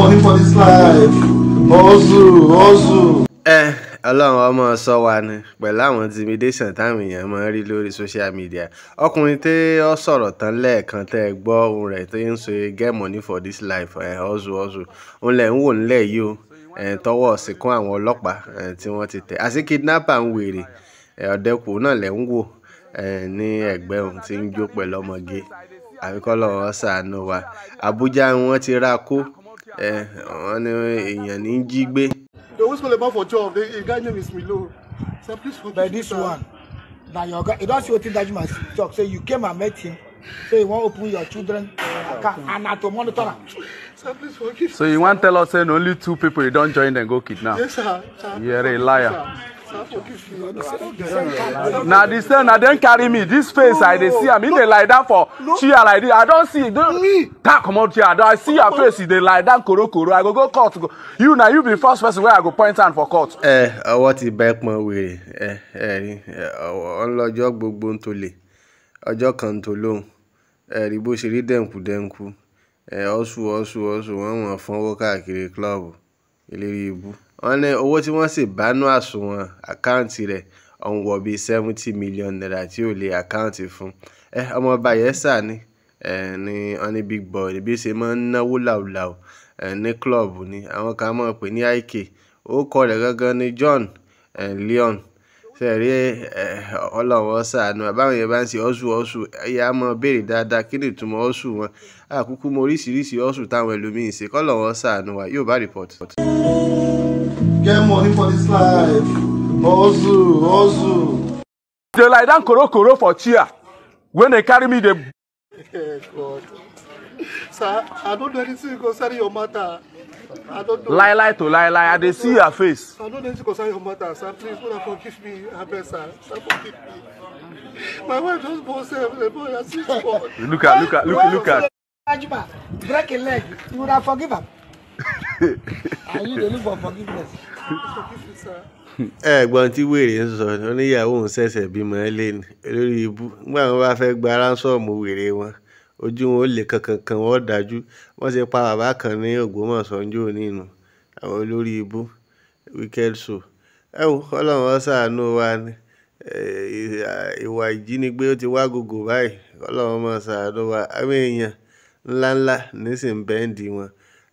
money for this life. Ozu, Ozu. Eh, ọlọ́run ọmọ sọ wa ni pẹ̀lú àwọn intimidation táwọn èèyàn máa ń rí lórí social media ọkùnrin tí ó sọ̀rọ̀ tán lẹ́ẹ̀kan tẹ́ ẹ gbọ́ ohun rẹ̀ tó ń ṣe get money for this life ẹ̀ Ozu Ozu òun lẹ̀ ń wò nílẹ̀ yìí o eh, tọwọ́ sìnkún àwọn ọlọ́pàá eh, tí wọ́n ti tẹ̀ àti kidnapper ń wèrè eh, ọ̀dẹ́kùn náà lẹ̀ ń wò ní ẹ̀gbẹ́ òun tí ń jó pẹ̀lú ọmọge àbíkọ́ lọ́wọ́ ṣàánú wa Àbújá wọn ti ra kó Eh, èèyàn ní jí gbé. they always call about for twelve the guy name is Milo so please forgive me. but this one na your guy you don see dajima talk say you came and met him say you wan open your children account and na to monitor am. Sir, please forgive So you want to tell us saying only two people you don't join them go kidnap? Yes, sir. sir You're a liar. Now this the same don't carry me this face no, i dey see am e dey lie down for no. chair like this i don't see don't don ta comot chair i see your face e dey lie down koro i go go court go you now you be first person where i go point and for court. ẹ ọwọ́ ti bá ẹpọn wèrè ẹ eh, eh. eh, eh, eh gbogbo ń tolè bun tole. ń tolóhùn ẹ̀rí Eh, ṣe rí denku denku ẹ ọ̀ṣù ọ̀ṣù ọ̀ṣù wọ́n mọ̀ fọ́nwó káàkiri club eléré ibú. wọ́n ní owó tí wọ́n sì bánú àsùnwọ̀n àkáǹtì rẹ̀ ọ̀hún wọ̀ bíi seventy million naira tí ò lè àkáǹtì fún ẹ ọmọ Bayelsa ni ẹ ní wọ́n ní big boy níbi ṣe máa ń náwó làwùlàwù ẹ ní club ni àwọn kan máa pè ní IK ó kọ rẹ̀ gangan ni John ẹ Leon sẹẹrí Ọlọ́run ọsàánú àbáwọn yẹn bá ń ṣe ọsù ọsù ẹyà á mọ béèrè dáadáa kí ni ìtumọ̀ ọsù wọn àkúkú mọ oríṣiríṣi ọsù táwọn ẹlòmíín ṣe kọlọrun ọsàánú wa yóò bá report. get money for this life ọsù ọsù. dey lie down korokoro for chair when they carry me dey. sir i no do anything concerning your matter. lie lie to lie lie i dey see your face i no dey see concern your matter sir please una forgive me abeg sir sir forgive me my wife just born sef the born na six months look at look at look look at ajima break a leg you una forgive am and you dey look for forgiveness forgive eh, me sir ẹ̀gbọ́n tí wèrè ń sọ oníyàwó ń ṣẹ̀ṣẹ̀ bímọ ẹ lé ní lórí ibú nígbà wọn bá fẹ́ gba ránṣọ́ọ̀mù wèrè wọn ojú wọn ò lè kankankan wọn dájú wọn ṣe pa bàbá kan ní Ògbómọ̀ṣọ́ ńjọ́ nínú àwọn olórí ibú wicked soul ẹ wò Ọlọ́run ó ṣàánú wa ni ìwà ìjínigbé ó ti wá gògò báyìí Ọlọ́run máa ṣàánú wa àwọn èèyàn ńláńlá nísìnyí bẹ́ẹ̀ndì wọn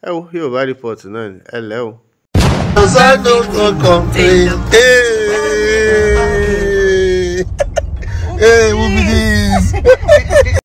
ẹ wò Yorùbá report náà ni ẹ lẹ́ o. sọ́dọ̀ kankan ee ee wúbi dis.